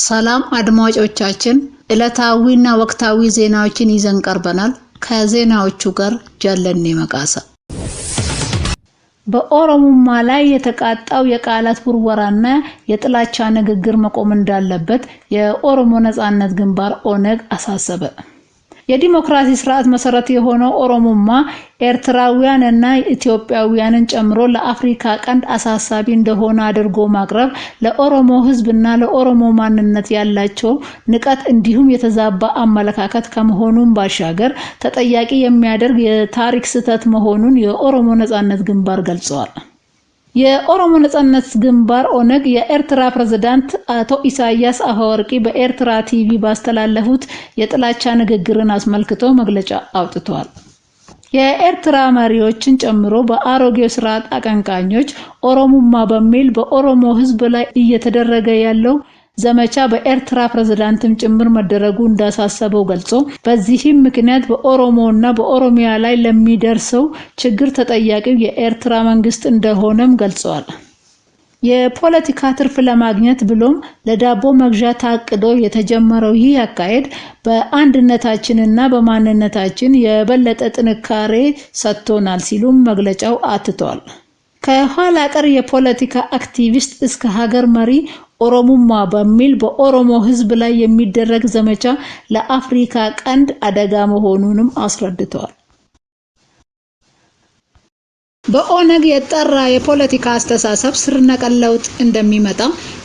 ሰላም አድማጮቻችን፣ ዕለታዊና ወቅታዊ ዜናዎችን ይዘን ቀርበናል። ከዜናዎቹ ጋር ጃለኔ መቃሳ። በኦሮሞማ ላይ የተቃጣው የቃላት ውርወራና የጥላቻ ንግግር መቆም እንዳለበት የኦሮሞ ነጻነት ግንባር ኦነግ አሳሰበ። የዲሞክራሲ ስርዓት መሰረት የሆነው ኦሮሞማ ኤርትራውያን እና ኢትዮጵያውያንን ጨምሮ ለአፍሪካ ቀንድ አሳሳቢ እንደሆነ አድርጎ ማቅረብ ለኦሮሞ እና ለኦሮሞ ማንነት ያላቸው ንቀት እንዲሁም የተዛባ አመለካከት ከመሆኑም ባሻገር ተጠያቂ የሚያደርግ የታሪክ ስህተት መሆኑን የኦሮሞ ነጻነት ግንባር ገልጸዋል። የኦሮሞ ነጻነት ግንባር ኦነግ የኤርትራ ፕሬዝዳንት አቶ ኢሳያስ አፈወርቂ በኤርትራ ቲቪ ባስተላለፉት የጥላቻ ንግግርን አስመልክቶ መግለጫ አውጥተዋል። የኤርትራ መሪዎችን ጨምሮ በአሮጌው ስርዓት አቀንቃኞች ኦሮሙማ በሚል በኦሮሞ ሕዝብ ላይ እየተደረገ ያለው ዘመቻ በኤርትራ ፕሬዝዳንትም ጭምር መደረጉ እንዳሳሰበው ገልጾ በዚህም ምክንያት በኦሮሞና በኦሮሚያ ላይ ለሚደርሰው ችግር ተጠያቂው የኤርትራ መንግስት እንደሆነም ገልጸዋል። የፖለቲካ ትርፍ ለማግኘት ብሎም ለዳቦ መግዣ ታቅዶ የተጀመረው ይህ አካሄድ በአንድነታችንና በማንነታችን የበለጠ ጥንካሬ ሰጥቶናል ሲሉም መግለጫው አትቷል። ከኋላ ቀር የፖለቲካ አክቲቪስት እስከ ሀገር መሪ ኦሮሙማ በሚል በኦሮሞ ሕዝብ ላይ የሚደረግ ዘመቻ ለአፍሪካ ቀንድ አደጋ መሆኑንም አስረድተዋል። በኦነግ የጠራ የፖለቲካ አስተሳሰብ ስር ነቀል ለውጥ እንደሚመጣ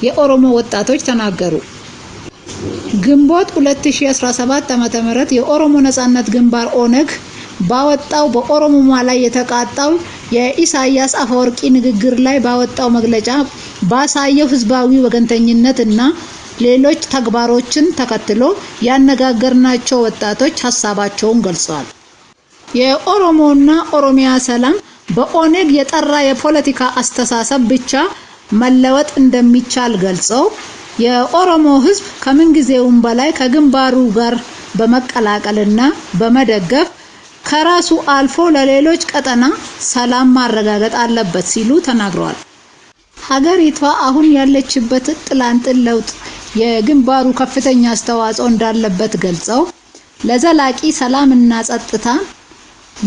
የኦሮሞ ወጣቶች ተናገሩ። ግንቦት 2017 ዓ.ም የኦሮሞ ነጻነት ግንባር ኦነግ ባወጣው በኦሮሞማ ላይ የተቃጣው የኢሳያስ አፈወርቂ ንግግር ላይ ባወጣው መግለጫ ባሳየው ህዝባዊ ወገንተኝነት እና ሌሎች ተግባሮችን ተከትሎ ያነጋገርናቸው ወጣቶች ሀሳባቸውን ገልጸዋል። የኦሮሞና ኦሮሚያ ሰላም በኦኔግ የጠራ የፖለቲካ አስተሳሰብ ብቻ መለወጥ እንደሚቻል ገልጸው የኦሮሞ ህዝብ ከምንጊዜውም በላይ ከግንባሩ ጋር በመቀላቀልና በመደገፍ ከራሱ አልፎ ለሌሎች ቀጠና ሰላም ማረጋገጥ አለበት ሲሉ ተናግረዋል። ሀገሪቷ አሁን ያለችበት ጥላንጥል ለውጥ የግንባሩ ከፍተኛ አስተዋጽኦ እንዳለበት ገልጸው ለዘላቂ ሰላምና ጸጥታ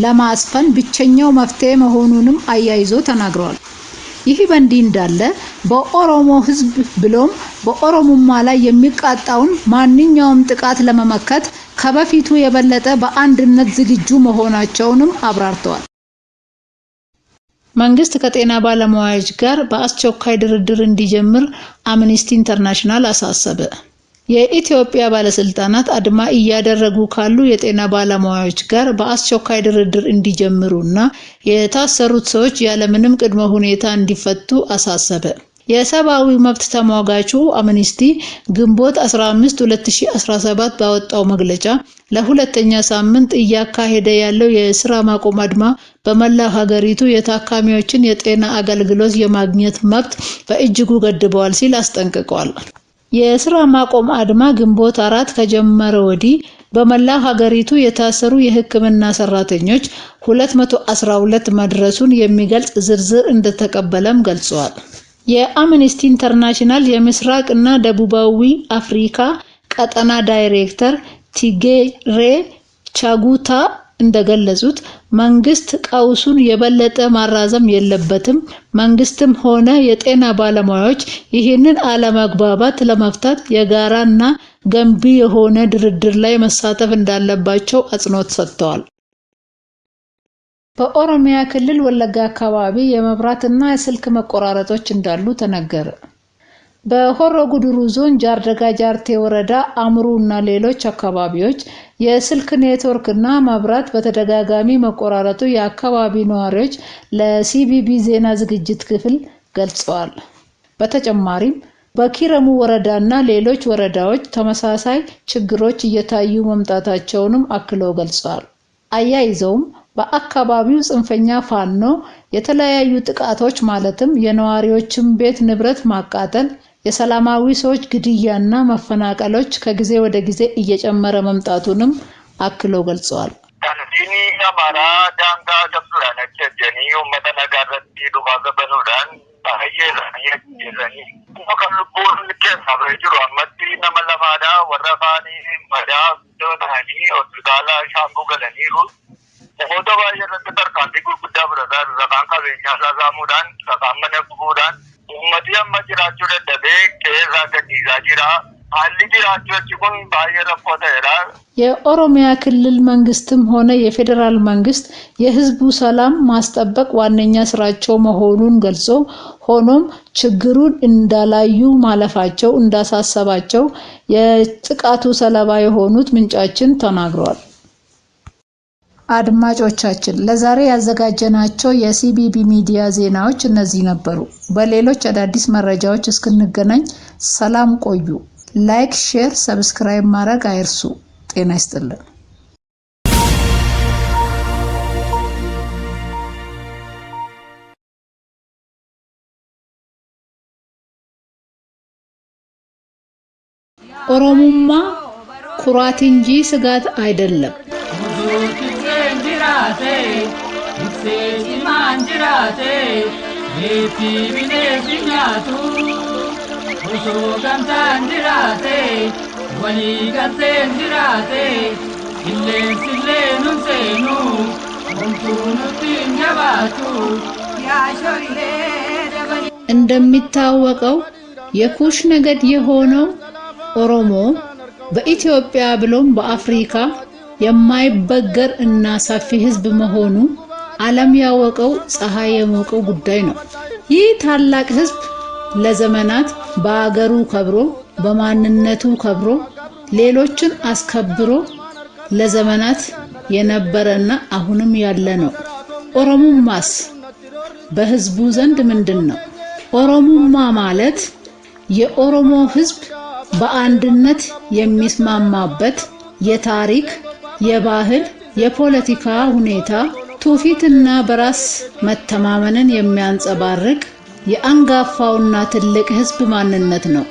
ለማስፈን ብቸኛው መፍትሄ መሆኑንም አያይዞ ተናግረዋል። ይህ በእንዲህ እንዳለ በኦሮሞ ሕዝብ ብሎም በኦሮሞማ ላይ የሚቃጣውን ማንኛውም ጥቃት ለመመከት ከበፊቱ የበለጠ በአንድነት ዝግጁ መሆናቸውንም አብራርተዋል። መንግስት ከጤና ባለሙያዎች ጋር በአስቸኳይ ድርድር እንዲጀምር አምኒስቲ ኢንተርናሽናል አሳሰበ። የኢትዮጵያ ባለስልጣናት አድማ እያደረጉ ካሉ የጤና ባለሙያዎች ጋር በአስቸኳይ ድርድር እንዲጀምሩ እና የታሰሩት ሰዎች ያለምንም ቅድመ ሁኔታ እንዲፈቱ አሳሰበ። የሰብአዊ መብት ተሟጋቹ አምነስቲ ግንቦት 15 2017 ባወጣው መግለጫ ለሁለተኛ ሳምንት እያካሄደ ያለው የስራ ማቆም አድማ በመላው ሀገሪቱ የታካሚዎችን የጤና አገልግሎት የማግኘት መብት በእጅጉ ገድበዋል ሲል አስጠንቅቋል። የስራ ማቆም አድማ ግንቦት አራት ከጀመረ ወዲህ በመላው ሀገሪቱ የታሰሩ የሕክምና ሰራተኞች 212 መድረሱን የሚገልጽ ዝርዝር እንደተቀበለም ገልጿል። የአምነስቲ ኢንተርናሽናል የምስራቅ እና ደቡባዊ አፍሪካ ቀጠና ዳይሬክተር ቲጌሬ ቻጉታ እንደገለጹት መንግስት ቀውሱን የበለጠ ማራዘም የለበትም፣ መንግስትም ሆነ የጤና ባለሙያዎች ይህንን አለመግባባት ለመፍታት የጋራ እና ገንቢ የሆነ ድርድር ላይ መሳተፍ እንዳለባቸው አጽንኦት ሰጥተዋል። በኦሮሚያ ክልል ወለጋ አካባቢ የመብራት እና የስልክ መቆራረጦች እንዳሉ ተነገረ። በሆሮ ጉድሩ ዞን ጃርደጋ ጃርቴ ወረዳ አምሩ እና ሌሎች አካባቢዎች የስልክ ኔትወርክ እና መብራት በተደጋጋሚ መቆራረጡ የአካባቢ ነዋሪዎች ለሲቢቢ ዜና ዝግጅት ክፍል ገልጸዋል። በተጨማሪም በኪረሙ ወረዳ እና ሌሎች ወረዳዎች ተመሳሳይ ችግሮች እየታዩ መምጣታቸውንም አክለው ገልጸዋል። አያይዘውም በአካባቢው ጽንፈኛ ፋኖ የተለያዩ ጥቃቶች ማለትም የነዋሪዎችን ቤት ንብረት ማቃጠል፣ የሰላማዊ ሰዎች ግድያና መፈናቀሎች ከጊዜ ወደ ጊዜ እየጨመረ መምጣቱንም አክሎ ገልጸዋል። Namoota baay'ee irratti tarkaanfii gurguddaa fudhataa jirra.Kan qabeenyaa isaa saamuudhaan yookaan mana gubuudhaan uummatni amma jiraachuu dadhabee qe'ee gadhiisaa jira.Haalli jiraachuu achi kun baay'ee rakkoo ta'edha. የኦሮሚያ ክልል መንግስትም ሆነ የፌዴራል መንግስት የህዝቡ ሰላም ማስጠበቅ ዋነኛ ስራቸው መሆኑን ገልጾ፣ ሆኖም ችግሩን እንዳላዩ ማለፋቸው እንዳሳሰባቸው የጥቃቱ ሰለባ የሆኑት ምንጫችን ተናግረዋል። አድማጮቻችን ለዛሬ ያዘጋጀናቸው የሲቢቢ ሚዲያ ዜናዎች እነዚህ ነበሩ። በሌሎች አዳዲስ መረጃዎች እስክንገናኝ ሰላም ቆዩ። ላይክ፣ ሼር፣ ሰብስክራይብ ማድረግ አይርሱ። ጤና ይስጥልን። ኦሮሞማ ኩራት እንጂ ስጋት አይደለም። jiraate tiksee cimaan jiraate meetii bineensi nyaatu osoo gamtaan jiraate walii galteen jiraate qilleensillee nun seenu homtuu nutti hin jabaatu እንደሚታወቀው የኩሽ ነገድ የሆነው ኦሮሞ በኢትዮጵያ ብሎም በአፍሪካ የማይበገር እና ሰፊ ህዝብ መሆኑ ዓለም ያወቀው ፀሐይ የሞቀው ጉዳይ ነው። ይህ ታላቅ ህዝብ ለዘመናት በአገሩ ከብሮ በማንነቱ ከብሮ ሌሎችን አስከብሮ ለዘመናት የነበረና አሁንም ያለ ነው። ኦሮሙማስ በህዝቡ ዘንድ ምንድን ነው? ኦሮሙማ ማለት የኦሮሞ ህዝብ በአንድነት የሚስማማበት የታሪክ የባህል፣ የፖለቲካ ሁኔታ ትውፊትና በራስ መተማመንን የሚያንጸባርቅ የአንጋፋውና ትልቅ ህዝብ ማንነት ነው።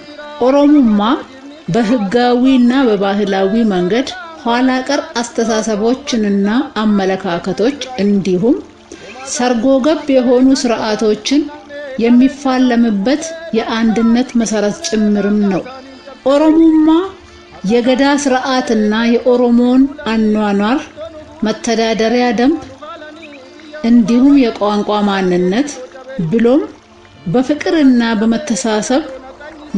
ኦሮሞማ በህጋዊና በባህላዊ መንገድ ኋላ ቀር አስተሳሰቦችንና አመለካከቶች እንዲሁም ሰርጎ ገብ የሆኑ ስርዓቶችን የሚፋለምበት የአንድነት መሰረት ጭምርም ነው። ኦሮሞማ የገዳ ስርዓትና የኦሮሞን አኗኗር መተዳደሪያ ደንብ እንዲሁም የቋንቋ ማንነት ብሎም በፍቅርና በመተሳሰብ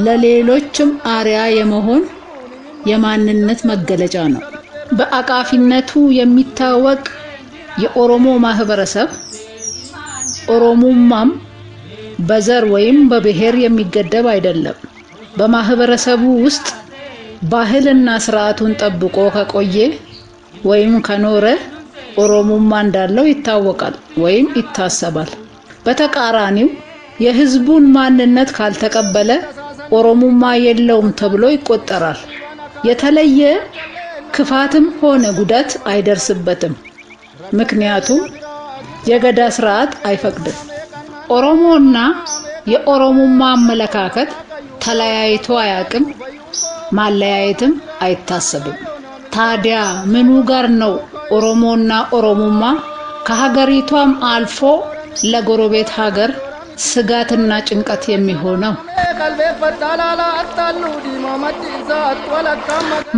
ለሌሎችም አርያ የመሆን የማንነት መገለጫ ነው። በአቃፊነቱ የሚታወቅ የኦሮሞ ማህበረሰብ ኦሮሞማም በዘር ወይም በብሔር የሚገደብ አይደለም። በማህበረሰቡ ውስጥ ባህልና ስርዓቱን ጠብቆ ከቆየ ወይም ከኖረ ኦሮሞማ እንዳለው ይታወቃል ወይም ይታሰባል። በተቃራኒው የህዝቡን ማንነት ካልተቀበለ ኦሮሞማ የለውም ተብሎ ይቆጠራል። የተለየ ክፋትም ሆነ ጉዳት አይደርስበትም። ምክንያቱም የገዳ ስርዓት አይፈቅድም። ኦሮሞና የኦሮሞማ አመለካከት ተለያይቶ አያውቅም። ማለያየትም አይታሰብም። ታዲያ ምኑ ጋር ነው ኦሮሞና ኦሮሞማ ከሀገሪቷም አልፎ ለጎረቤት ሀገር ስጋትና ጭንቀት የሚሆነው?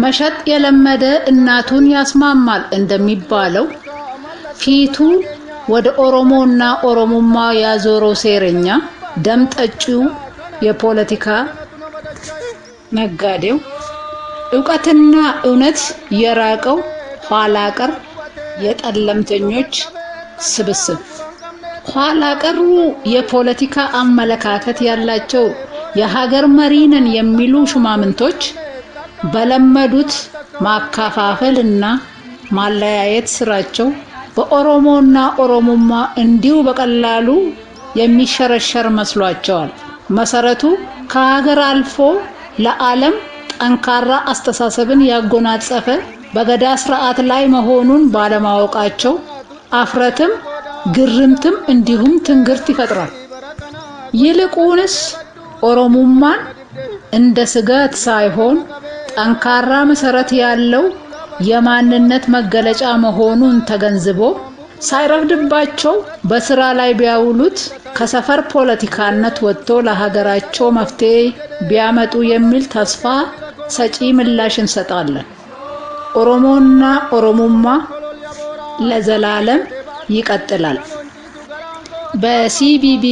መሸጥ የለመደ እናቱን ያስማማል እንደሚባለው ፊቱ ወደ ኦሮሞና ኦሮሞማ ያዞረው ሴረኛ ደም ጠጪው የፖለቲካ ነጋዴው እውቀትና እውነት የራቀው ኋላ ቀር የጠለምተኞች ስብስብ ኋላ ቀሩ የፖለቲካ አመለካከት ያላቸው የሀገር መሪ ነን የሚሉ ሹማምንቶች በለመዱት ማከፋፈል እና ማለያየት ስራቸው በኦሮሞና ኦሮሞማ እንዲሁ በቀላሉ የሚሸረሸር መስሏቸዋል። መሰረቱ ከሀገር አልፎ ለዓለም ጠንካራ አስተሳሰብን ያጎናጸፈ በገዳ ስርዓት ላይ መሆኑን ባለማወቃቸው አፍረትም ግርምትም እንዲሁም ትንግርት ይፈጥራል። ይልቁንስ ኦሮሙማን እንደ ስጋት ሳይሆን ጠንካራ መሰረት ያለው የማንነት መገለጫ መሆኑን ተገንዝቦ ሳይረፍድባቸው በስራ ላይ ቢያውሉት ከሰፈር ፖለቲካነት ወጥቶ ለሀገራቸው መፍትሄ ቢያመጡ የሚል ተስፋ ሰጪ ምላሽ እንሰጣለን። ኦሮሞና ኦሮሞማ ለዘላለም ይቀጥላል። በሲቢቢ